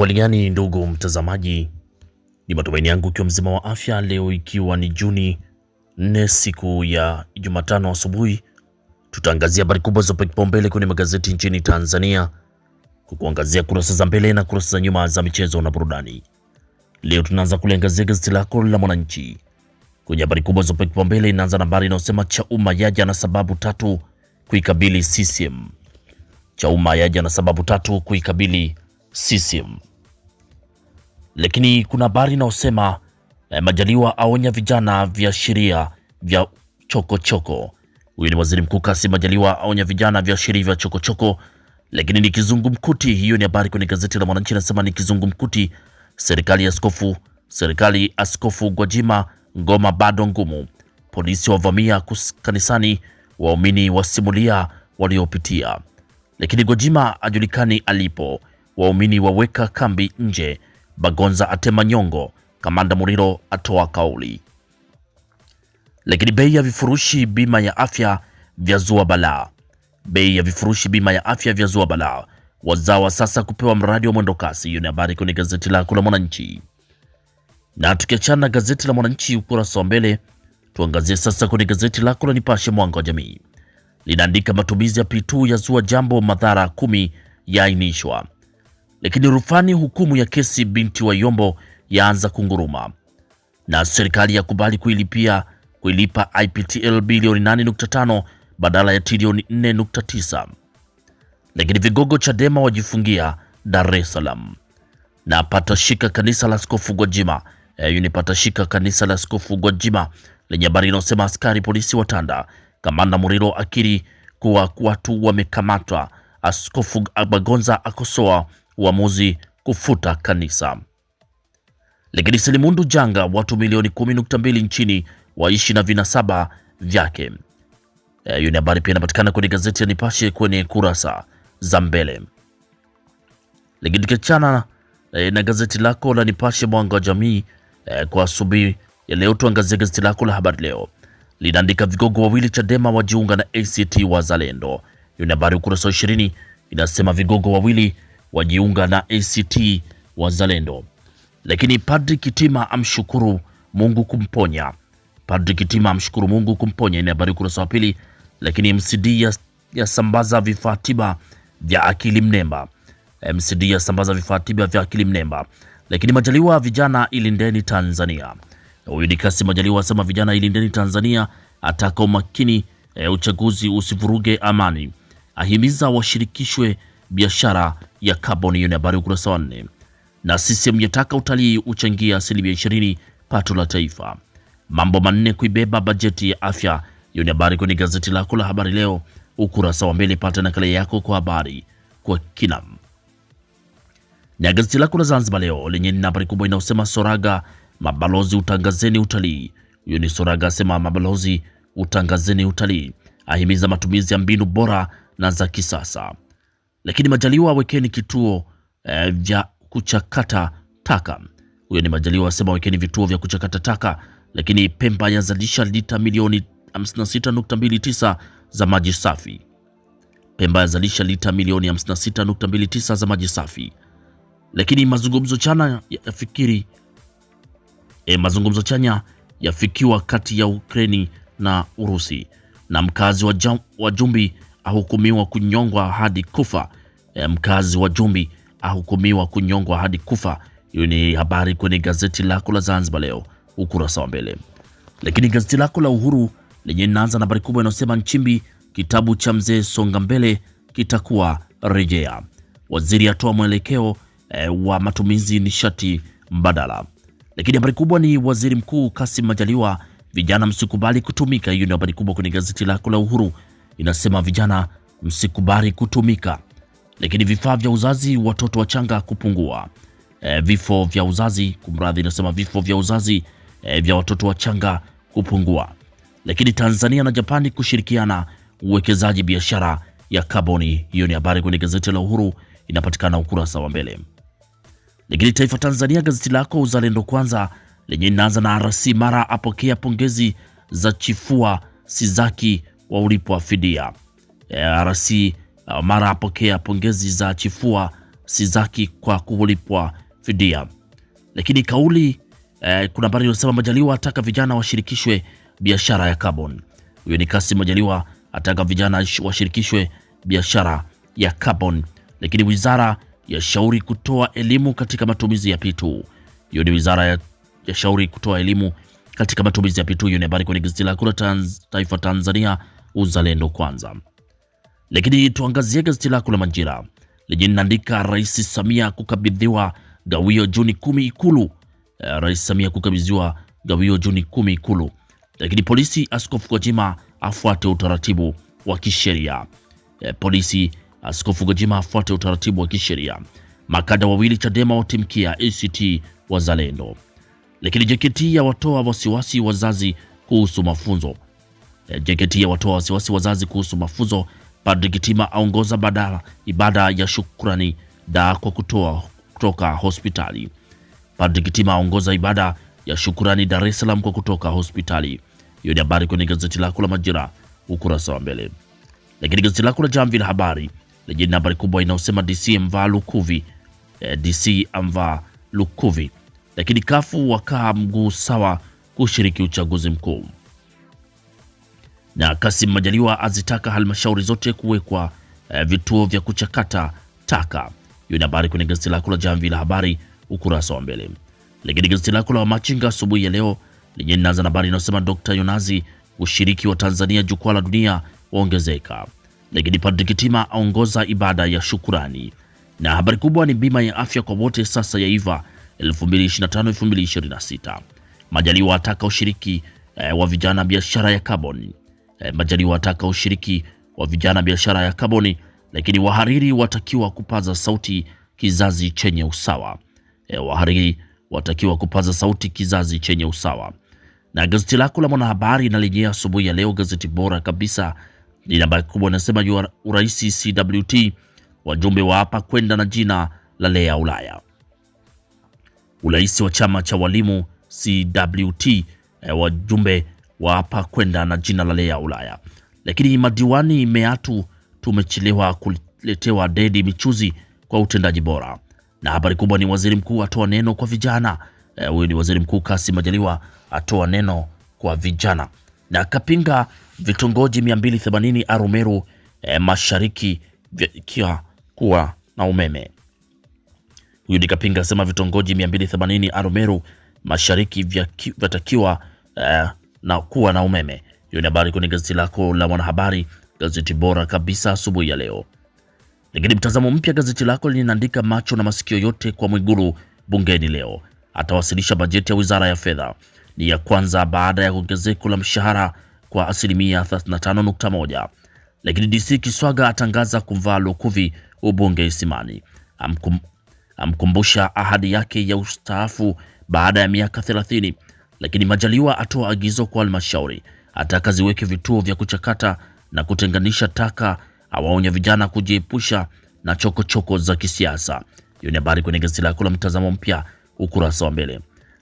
Hali ndugu mtazamaji, ni matumaini yangu ukiwa mzima wa afya leo, ikiwa ni Juni nne, siku ya Jumatano asubuhi, tutaangazia habari kubwa zopa kipaumbele kwenye magazeti nchini Tanzania, kukuangazia kurasa za mbele na kurasa za nyuma za michezo na burudani. Leo tunaanza kuliangazia gazeti lako la Mwananchi kwenye habari kubwa zopa kipaumbele, inaanza na habari inayosema Chauma yaja na sababu tatu kuikabili CCM. Chauma yaja na sababu tatu kuikabili CCM. Lakini kuna habari inayosema eh, Majaliwa aonya vijana vya sheria vya chokochoko. Huyu ni waziri mkuu Kassim Majaliwa aonya vijana vya sheria vya chokochoko, lakini ni kizungumkuti. Hiyo ni habari kwenye gazeti la Mwananchi, nasema ni kizungumkuti. Serikali askofu serikali askofu Gwajima, ngoma bado ngumu. Polisi wavamia kanisani, waumini wasimulia waliopitia, lakini Gwajima ajulikani alipo waumini waweka kambi nje, Bagonza atema nyongo, kamanda Muriro atoa kauli. Lakini bei ya vifurushi bima ya afya vya zua balaa, bei ya vifurushi bima ya afya vya zua balaa, wazawa sasa kupewa mradi wa mwendokasi. Hiyo ni habari kwenye gazeti lako la Mwananchi. Na tukiachana na gazeti la Mwananchi ukurasa wa mbele, tuangazie sasa kwenye gazeti lako la Nipashe mwanga wa jamii, linaandika matumizi ya P2 ya zua jambo, madhara kumi yaainishwa lakini rufani hukumu ya kesi binti wa Yombo yaanza kunguruma na serikali yakubali kuilipia kuilipa IPTL bilioni 8.5 badala ya trilioni 4.9. Lakini vigogo Chadema wajifungia Dar es Salaam na patashika kanisa la Askofu Gwajima. E, patashika kanisa la Askofu Gwajima lenye habari inayosema askari polisi watanda, kamanda Murilo akiri kuwa watu wamekamatwa Askofu Bagonza akosoa uamuzi kufuta kanisa. Lakini Selimundu Janga, watu milioni 10.2 nchini waishi na vinasaba vyake. Eh, hiyo e, ni habari pia inapatikana kwenye gazeti ya Nipashe kwenye kurasa za mbele. Lakini tukiachana e, na gazeti lako la Nipashe mwanga wa jamii e, kwa asubuhi ya leo tuangazie gazeti lako la habari leo linaandika vigogo wawili Chadema wajiunga na ACT Wazalendo. Hiyo ni habari ukurasa wa ishirini inasema vigogo wawili wajiunga na ACT Wazalendo. Lakini Padri Kitima amshukuru Mungu kumponya. Padri Kitima amshukuru Mungu kumponya ni habari ukurasa wa pili. Lakini MCD yasambaza ya vifaa tiba vya akili mnemba. MCD yasambaza vifaa tiba vya akili mnemba. Lakini Majaliwa, vijana ilindeni Tanzania. Huyu ni Kassim Majaliwa asema vijana ilindeni Tanzania, ataka umakini e, uchaguzi usivuruge amani ahimiza washirikishwe biashara ya kaboni. Hiyo ni habari ukurasa wa nne. Na CCM yataka utalii uchangia asilimia 20 pato la taifa. Mambo manne kuibeba bajeti ya afya. Hiyo ni habari kwenye gazeti lako la habari leo ukurasa wa mbele. Pata nakala yako kwa habari kwa kina. Na gazeti lako la Zanzibar leo lenye habari kubwa inayosema Soraga, mabalozi utangazeni utalii. Huyo ni Soraga asema mabalozi utangazeni utalii, ahimiza matumizi ya mbinu bora na za kisasa. Lakini Majaliwa wekeni kituo eh, vya kuchakata taka. Huyo ni Majaliwa asema wekeni vituo vya kuchakata taka. Lakini Pemba yazalisha lita milioni 56.29 za maji safi. Pemba yazalisha lita milioni 56.29 za maji safi. Lakini mazungumzo chana yafikiri E, mazungumzo chanya yafikiwa kati ya Ukraini na Urusi. Na mkazi wa, jam, wa Jumbi ahukumiwa kunyongwa hadi kufa. E, Mkazi wa Jumbi ahukumiwa kunyongwa hadi kufa. Hiyo ni habari kwenye gazeti lako la Zanzibar Leo ukurasa wa mbele. Lakini gazeti lako la Uhuru lenye inaanza na habari kubwa inayosema Nchimbi, kitabu cha mzee Songa Mbele kitakuwa rejea. Waziri atoa mwelekeo e, wa matumizi nishati mbadala. Lakini habari kubwa ni waziri mkuu Kasim Majaliwa, vijana msikubali kutumika. Hiyo ni habari kubwa kwenye gazeti lako la Uhuru inasema vijana msikubali kutumika, lakini vifaa vya uzazi watoto wachanga kupungua. E, vifo vya uzazi kumradhi, inasema vifo vya uzazi e, vya watoto wachanga kupungua. Lakini Tanzania na Japani kushirikiana uwekezaji biashara ya kaboni. Hiyo ni habari kwenye gazeti la Uhuru inapatikana ukurasa wa mbele. Lakini Taifa Tanzania gazeti lako Uzalendo Kwanza lenye inaanza na RC Mara apokea pongezi za Chifua Sizaki wa ulipo wa fidia. E, RC uh, mara apokea pongezi za Chifua Sizaki kwa kulipwa fidia. Lakini kauli eh, kuna habari inasema Majaliwa ataka vijana washirikishwe biashara ya carbon. Huyo ni Kassim Majaliwa ataka vijana washirikishwe biashara ya carbon. Lakini wizara ya shauri kutoa elimu katika matumizi ya pitu. Hiyo ni wizara ya, ya shauri kutoa elimu katika matumizi ya pitu. Hiyo ni habari kwenye gazeti la kura Taifa Tanzania uzalendo kwanza. Lakini tuangazie gazeti lako la Majira lenye linaandika Rais Samia kukabidhiwa gawio Juni kumi Ikulu. Eh, Rais Samia kukabidhiwa gawio Juni kumi Ikulu. Lakini polisi, Askofu Gwajima afuate utaratibu wa kisheria. Eh, polisi, Askofu Gwajima afuate utaratibu wa kisheria. Makada wawili Chadema watimkia ACT Wazalendo. Lakini JKT yawatoa wasiwasi wazazi kuhusu mafunzo. Eh, JKT ya watoa wasiwasi wazazi kuhusu mafuzo. Padri Kitima aongoza badala ibada ya shukrani da kwa kutoa kutoka hospitali. Padri Kitima aongoza ibada ya shukrani Dar es Salaam kwa kutoka hospitali. Hiyo ni habari kwenye gazeti lako la Majira ukurasa wa mbele, lakini gazeti lako la Jamvi la Habari lenye habari kubwa inayosema DC amva Lukuvi, eh, DC amva Lukuvi, lakini kafu wakaa mguu sawa kushiriki uchaguzi mkuu na Kassim Majaliwa azitaka halmashauri zote kuwekwa eh, vituo vya kuchakata taka. Hiyo ni habari kwenye gazeti lako la Jamvi la Habari ukurasa wa mbele. Lakini gazeti lako la Wamachinga asubuhi ya leo lenye inaanza na habari inayosema Dr. Yonazi, ushiriki wa Tanzania jukwaa la dunia waongezeka. Lakini Padri Kitima aongoza ibada ya shukurani, na habari kubwa ni bima ya afya kwa wote sasa yaiva 2025-2026. Majaliwa ataka ushiriki eh, wa vijana biashara ya kaboni Eh, Majaliwa wataka ushiriki wa vijana biashara ya kaboni, lakini wahariri watakiwa kupaza sauti kizazi chenye usawa. E, wahariri watakiwa kupaza sauti kizazi chenye usawa. Na gazeti lako la Mwanahabari lenyewe asubuhi ya leo, gazeti bora kabisa, lina habari kubwa inasema juu urais CWT, wajumbe wa hapa kwenda na jina la lea Ulaya. Urais wa chama cha walimu CWT, e, eh, wajumbe waapa kwenda na jina la lea Ulaya, lakini madiwani meatu tumechelewa kuletewa dedi michuzi kwa utendaji bora. Na habari kubwa ni waziri mkuu atoa neno kwa vijana. Eh, huyu e, ni waziri mkuu Kassim Majaliwa atoa neno kwa vijana na kapinga vitongoji 280 Arumeru e, mashariki kia kuwa na umeme. Huyu ni kapinga sema vitongoji 280 Arumeru mashariki vyatakiwa eh, na kuwa na umeme. Hiyo ni habari kwenye gazeti lako la Mwanahabari, gazeti bora kabisa asubuhi ya leo. Lakini Mtazamo Mpya, gazeti lako linaandika macho na masikio yote kwa Mwigulu bungeni leo, atawasilisha bajeti ya wizara ya fedha, ni ya kwanza baada ya ongezeko la mshahara kwa asilimia 35.1. Lakini DC Kiswaga atangaza kumvaa Lukuvi ubunge Isimani, amkumbusha ahadi yake ya ustaafu baada ya miaka 30 lakini Majaliwa atoa agizo kwa halmashauri, ataka ziweke vituo vya kuchakata na kutenganisha taka, awaonya vijana kujiepusha na chokochoko choko za kisiasa. Hiyo ni habari kwenye gazeti lako la Mtazamo Mpya ukurasa wa mbele,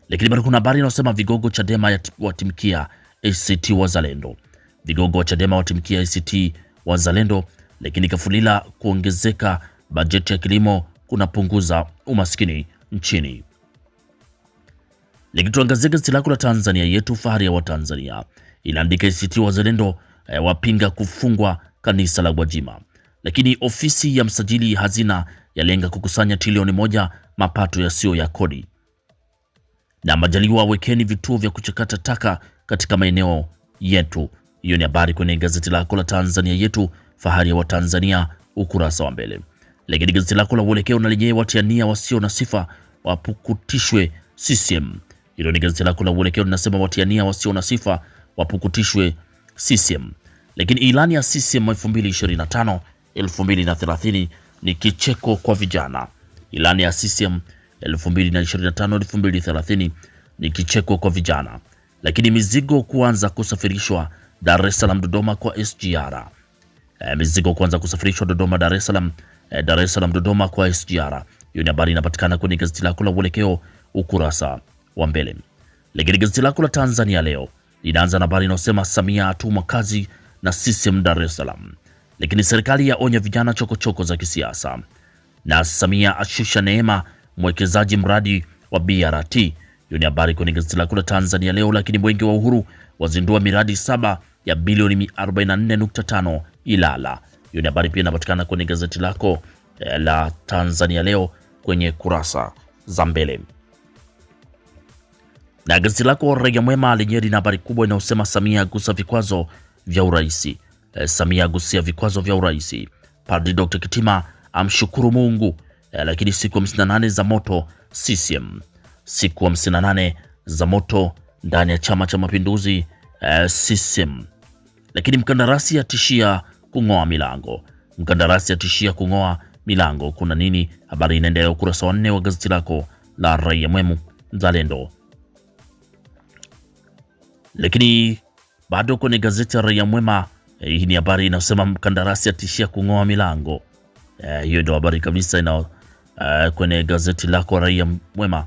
lakini bado kuna habari inayosema vigogo Chadema watimkia ACT Wazalendo, vigogo wa Chadema watimkia ACT Wazalendo. Lakini Kafulila, kuongezeka bajeti ya kilimo kunapunguza umaskini nchini. Likituangazia gazeti lako la Tanzania Yetu, fahari ya Watanzania, inaandika ACT Wazalendo eh, wapinga kufungwa kanisa la Gwajima, lakini ofisi ya msajili hazina yalenga kukusanya trilioni moja mapato yasiyo ya kodi, na Majaliwa awekeni vituo vya kuchakata taka katika maeneo yetu. Hiyo ni habari kwenye gazeti lako la Tanzania Yetu, fahari ya Watanzania, ukurasa wa mbele. Lakini gazeti lako la Uelekeo na lenyewe watiania wasio na sifa wapukutishwe CCM hilo ni gazeti lako la Uelekeo linasema watiania wasio na sifa wapukutishwe CCM. Lakini ilani ya CCM 2025 2030 ni kicheko kwa vijana. Ilani ya CCM 2025 2030 ni kicheko kwa vijana. Lakini mizigo kuanza kusafirishwa Dar es Salaam Dodoma kwa SGR. E, mizigo kuanza kusafirishwa Dodoma Dar es Salaam, e, Dar es Salaam Dodoma kwa SGR. Hiyo ni habari inapatikana kwenye gazeti lako la Uelekeo ukurasa wa mbele. Lakini gazeti lako la Tanzania leo linaanza na habari inayosema Samia atumwa kazi na CCM Dar es Salaam, lakini serikali yaonya vijana chokochoko za kisiasa, na Samia ashusha neema mwekezaji mradi wa BRT. Hiyo ni habari kwenye gazeti lako la Tanzania leo. Lakini mwenge wa uhuru wazindua miradi saba ya bilioni 44.5 Ilala. Hiyo ni habari pia inapatikana kwenye gazeti lako eh, la Tanzania leo kwenye kurasa za mbele. Na gazeti lako Raia Mwema lenyewe lina habari kubwa inayosema Samia agusa vikwazo vya uraisi. E, Samia agusia vikwazo vya uraisi. Padri Dr. Kitima amshukuru Mungu. E, lakini siku 58 za moto CCM. Siku 58 za moto ndani ya Chama cha Mapinduzi e, eh, CCM. Lakini mkandarasi atishia kung'oa milango. Mkandarasi atishia kung'oa milango. Kuna nini? Habari inaendelea ukurasa wa nne wa gazeti lako la Raia Mwema Mzalendo. Lakini bado kwenye gazeti ya Raia Mwema, eh, hii ni habari inasema mkandarasi atishia kung'oa milango. Eh, hiyo ndio habari kabisa ina eh, kwenye gazeti lako Raia Mwema.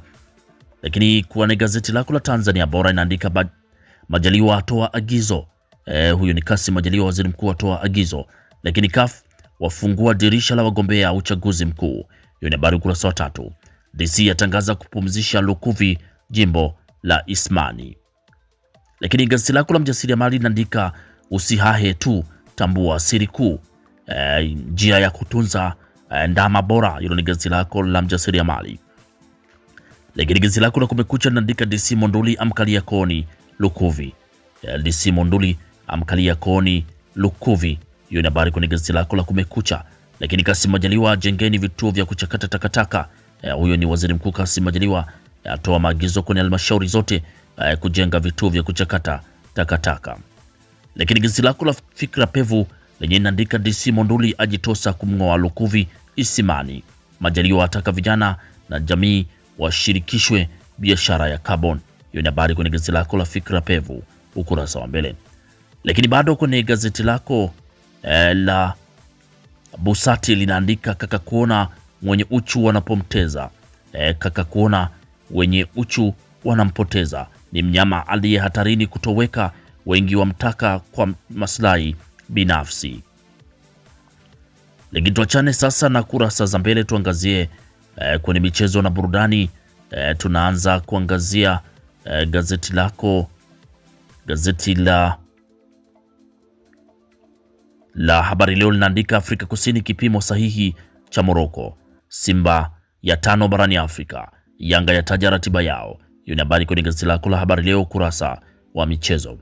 Lakini kwenye gazeti lako la Tanzania Bora inaandika Majaliwa atoa agizo. Eh, huyo ni Kassim Majaliwa, waziri mkuu atoa agizo. Lakini CUF wafungua dirisha la wagombea uchaguzi mkuu. Hiyo ni habari ukurasa wa tatu. DC yatangaza kupumzisha Lukuvi jimbo la Ismani. Lakini gazeti lako la Mjasiriamali linaandika usihahe tu, tambua siri kuu, e, njia ya kutunza e, ndama bora. Hilo ni gazeti lako la Mjasiriamali. Lakini gazeti lako la Kumekucha linaandika DC Monduli amkalia koni Lukuvi. e, eh, DC Monduli amkalia koni Lukuvi. Hiyo ni habari kwenye gazeti lako la Kumekucha. Lakini Kassim Majaliwa, jengeni vituo vya kuchakata takataka. Huyo ni waziri mkuu Kassim Majaliwa atoa maagizo kwenye halmashauri zote eh, kujenga vituo vya kuchakata takataka. Lakini gazeti lako la Fikra Pevu lenye inaandika DC Monduli ajitosa kumng'oa Lukuvi Isimani. Majaliwa wataka vijana na jamii washirikishwe biashara ya carbon. Hiyo ni habari kwenye gazeti lako la Fikra Pevu ukurasa wa mbele. Lakini bado kwenye gazeti lako eh, la Busati linaandika kaka kuona mwenye uchu wanapomteza, Eh, kaka kuona wenye uchu wanampoteza ni mnyama aliye hatarini kutoweka, wengi wamtaka kwa maslahi binafsi. Lakini tuachane sasa na kurasa za mbele, tuangazie eh, kwenye michezo na burudani. Eh, tunaanza kuangazia eh, gazeti lako gazeti la la Habari Leo linaandika Afrika Kusini kipimo sahihi cha Moroko, Simba ya tano barani Afrika, Yanga yataja ratiba yao, hiyo ni habari kwenye gazeti lako la habari leo ukurasa wa michezo.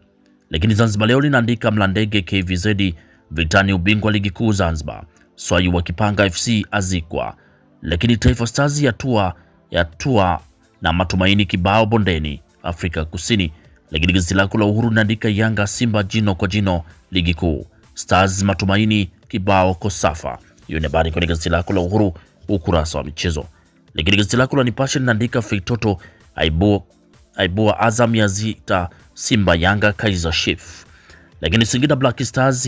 Lakini Zanzibar leo linaandika Mlandege KVZ vitani ubingwa ligi kuu Zanzibar, Swayu Kipanga FC azikwa, lakini Taifa Stars yatua yatua na matumaini kibao bondeni Afrika Kusini. Lakini gazeti lako la Uhuru linaandika Yanga Simba jino kwa jino ligi kuu, Stars matumaini kibao Kosafa. Hiyo ni habari kwenye gazeti lako la Uhuru ukurasa wa michezo. Lakini gazeti lako la Nipashe linaandika Feitoto aibua, aibua Azam ya zita Simba, Yanga, Kaizer Chiefs. Lakini Singida Black Stars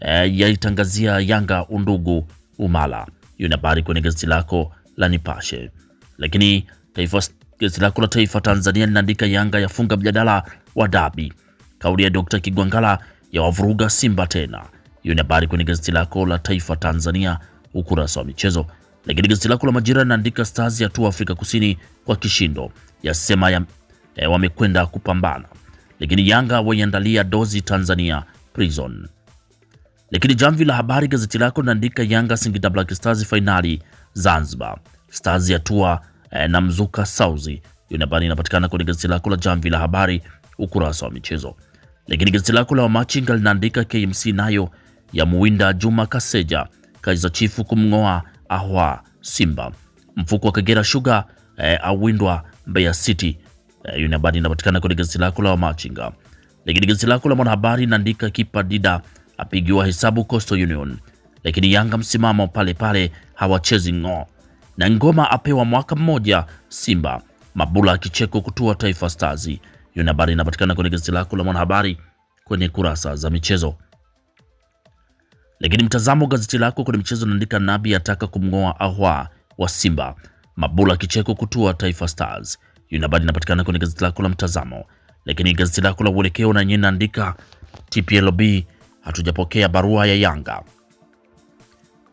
eh, yaitangazia Yanga undugu umala. Hiyo ni habari kwenye gazeti lako la Nipashe. Lakini taifa, gazeti lako la Taifa Tanzania linaandika Yanga yafunga mjadala wa dabi, kauli ya Dr. Kigwangala ya wavuruga Simba tena. Hiyo ni habari kwenye gazeti lako la Taifa Tanzania ukurasa wa michezo. Lakini gazeti lako la Majira linaandika Stars yatua Afrika Kusini kwa kishindo yasema ya, e, wamekwenda kupambana, lakini Yanga waiandalia dozi Tanzania Prison. Lakini jamvi la habari gazeti lako linaandika Yanga Singida Black Stars finali Zanzibar, Stars yatua e, na mzuka sauzi. Hiyo habari inapatikana kwenye gazeti lako la jamvi la habari ukurasa wa michezo. Lakini gazeti lako la Wamachinga linaandika KMC nayo ya muwinda Juma Kaseja, kazi za Chifu kumng'oa ahwa Simba, mfuko wa Kagera Sugar e, awindwa Mbeya City. Eh, hiyo ni habari inapatikana kwenye gazeti lako la Wamachinga. Lakini gazeti lako la Mwanahabari inaandika kipa Dida apigiwa hesabu Coastal Union, lakini Yanga msimamo pale pale, hawachezi ng'o na ngoma apewa mwaka mmoja Simba. Mabula akicheko kutua Taifa Stars. Hiyo ni habari inapatikana kwenye gazeti lako la Mwanahabari kwenye kurasa za michezo. Lakini Mtazamo, gazeti lako kwenye michezo, inaandika Nabi ataka kumng'oa Ahwa wa Simba Mabula kicheko kutua Taifa Stars. Hiyo ni habari inapatikana kwenye gazeti lako la Mtazamo, lakini gazeti lako la Uelekeo na nyinyi naandika TPLB hatujapokea barua ya Yanga,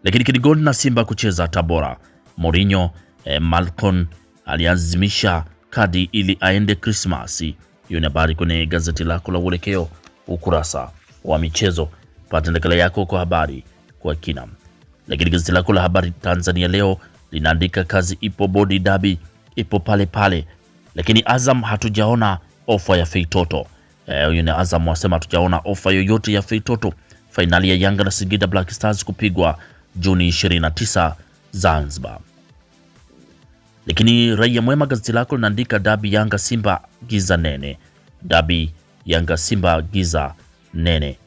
lakini Kigoli na Simba kucheza Tabora. Mourinho eh, Malcon aliazimisha kadi ili aende Christmas. Hiyo ni habari kwenye gazeti lako la Uelekeo ukurasa wa michezo. Pata nakala yako kwa habari kwa kina. Lakini gazeti lako la Habari Tanzania Leo linaandika kazi ipo, bodi dabi ipo pale pale, lakini Azam hatujaona ofa ya Feitoto. Eh, huyu e, ni Azam wasema hatujaona ofa yoyote ya Feitoto. Fainali ya Yanga na Singida Black Stars kupigwa Juni 29 Zanzibar. Lakini Raia Mwema gazeti lako linaandika dabi Yanga Simba giza nene, dabi Yanga Simba giza nene.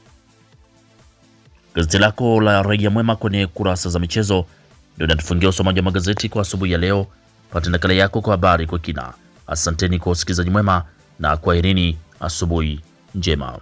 Gazeti lako la Raia Mwema kwenye kurasa za michezo ndio natufungia usomaji wa magazeti kwa asubuhi ya leo. Pata nakala yako kwa habari kwa kina. Asanteni kwa usikilizaji mwema na kwaherini, asubuhi njema.